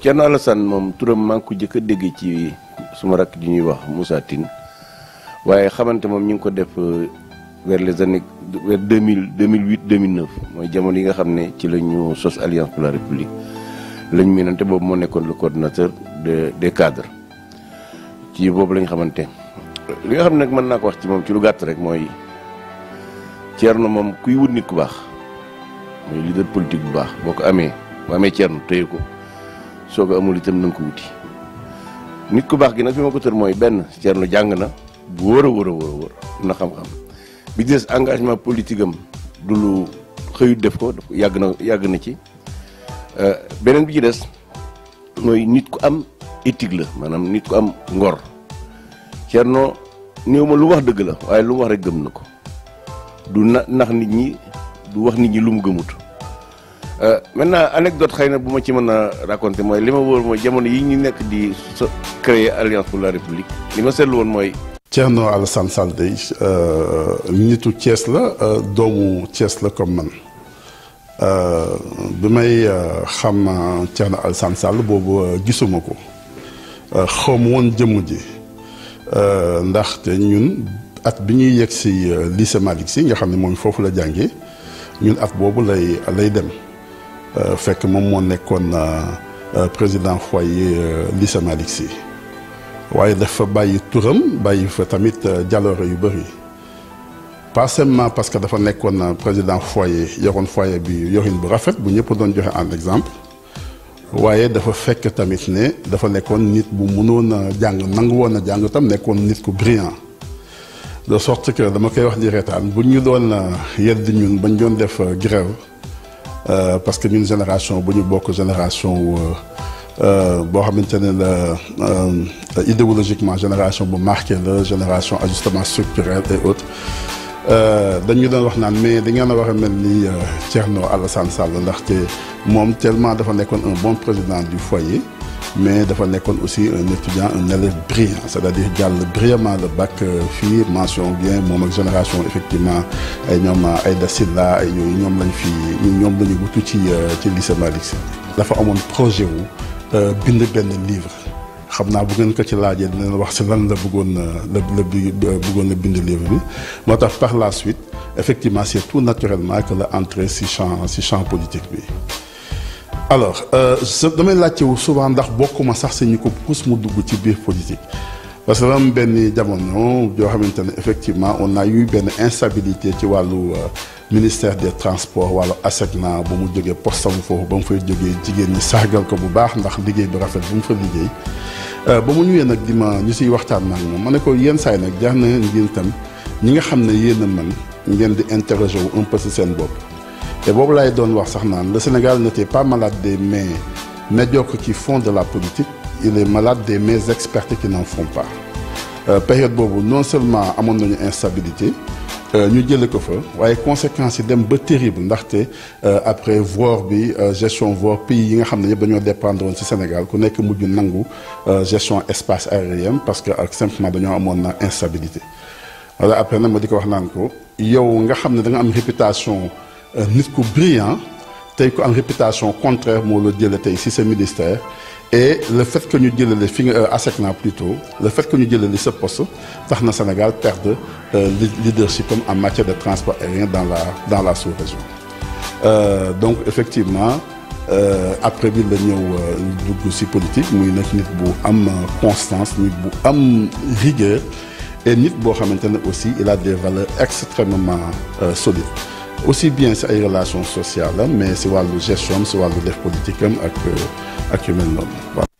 Thierno Alassane moom turam maa ngi ko jëkk a dégg ci suma rakk ji ñuy wax Moussa Tine waaye xamante moom ñu ngi ko def euh, vers les années vers deux mille deux mille huit deux mille neuf mooy jamono yi nga xam ne ci la ñu sos alliance pour la république lañ miinante boobu moo nekkoon le coordonnateur de des ci boobu lañ xamante li nga xam ne nag mën naa ko wax ci moom ci lu gàtt rek mooy Thierno moom kuy wut nit ku baax mooy leader politique bu baax boo ko amee bu amee Thierno téye ko. soo ko amul itam na nga wuti nit ku baax gi nag fi ma ko tër mooy benn Thierno jàng na bu wóor a wóor a wóor na xam-xam bi des engagement politique am du lu xëyut def ko yàgg na yàgg na ci euh, beneen bi ci des mooy nit ku am éthique la maanaam nit ku am ngor Thierno néew ma lu wax dëgg la waaye lu wax rek gëm na ko du na nax nit ñi du wax nit ñi lu mu gëmut Euh, maintenant anecdote xëy na bu ma ci mën a raconter mooy li ma wóor mooy jamono yi ñu nekk di sa créer alliance pour la république li ma seetlu woon mooy. no Thierno san Sall day euh, nitu Thiès la euh, doomu Thiès la comme man bi may xam al Alassane Sall boobu gisuma ko xawma woon jëmm ji ndaxte ñun at bi ñuy yegg si lycée Malick Sy nga xam ne moom foofu la jàngee ñun at boobu lay lay dem. Euh, fekk moom moo nekkoon euh, euh, président foyer lycée Malick si waaye dafa bàyyi turam bàyyi fa tamit jaloore yu bëri pas seulement parce que dafa nekkoon président foyer yoroon foyer bi yorin bu rafet bu ñëpp doon joxe en exemple waaye dafa fekk tamit ne dafa nekkoon nit bu mënoon a jàng nangu woon a jàng tam nekkoon nit ku brillant de sorte que dama koy wax di reetaan bu ñu doon yedd ñun bañ doon def grève Euh, parce que ñun génération bu ñu bokk génération euh, euh, boo xamante ne la idéologiquement génération bu marqué la génération ajustement structurel et autres dañu doon wax naan mais da ngeen a ni a mel ni Thierno Alassane Sall ndaxte moom tellement dafa nekkoon un bon président du foyer mais dafa nekkoon aussi un étudiant un élève brillant c'est-à-dire jàll brillamment le bac euh, fii mention bien moom ak génération effectivement ay ñoom ay euh, Aïda la ay yooyu ñoom lañu fi ñoom la ñu wutu ci euh, ci lycée Malick Sy dafa amoon projet wu bind benn livre xam naa bu ngeen ko ci laajee dina leen wax si lan la bëggoon la la bëggoon la bind livre bi moo tax par la suite effectivement c'est tout naturellement que la entrée si champ si politique bi alors euh, damay laajte wu souvent ndax bokkuma sax si ko pousse mu dugg ci biir politique parce que am benn jamono joo xamante ne effectivement on a eu benn instabilité ci wàllu euh, ministère des transports wàllu ASECNA ba mu jógee postam foofu ba mu fay jógee jigéen ñi sargal ko bu baax ndax liggéey bi rafet bu mu fa liggéey euh, ba mu ñëwee nag di ma ñu siy waxtaan naa moom ma ne ko yenn saay nag jaar na ngeen tam ñi nga xam ne yéen a mën ngeen di interroger wu un peu si seen bopp. te boobu laay doon wax sax naan le Sénégal n'était pas malade des mains médiocres qui font de la politique il est malade des mais expertes qui n'en font pas euh, période boobu non seulement amoon nañu instabilité euh, ñu jëlee ko fa waaye conséquences yi dem ba terrible ndaxte euh, après voir bi gestion voir pays yi nga xam ne ñëpp dañoo dépendre ci Sénégal ku nekk mujj nangu gestion espace aérien parce que ak simplement dañoo amoon na instabilité wala après nag ma di ko wax naan ko yow nga xam ne da am réputation Euh, nit ku brillant tey ku am réputation contraire moo la jële tey si sa ministère et le fait que ñu jëlale fi nga euh, ASECNA plutôt le fait que ñu jëlale sa poste tax na Sénégal perdre euh, leadership comme en matière de transport aérien dans la dans la sous-région donc effectivement après bi la ñëw dugg si politique muy nag nit bu am constance nit bu am rigueur et nit boo xamante ne aussi il a des valeurs extrêmement solides aussi bien si ay relations sociales am mais si wàllu gestion am si wàllu def politique am ak euh, ak yu mel noonu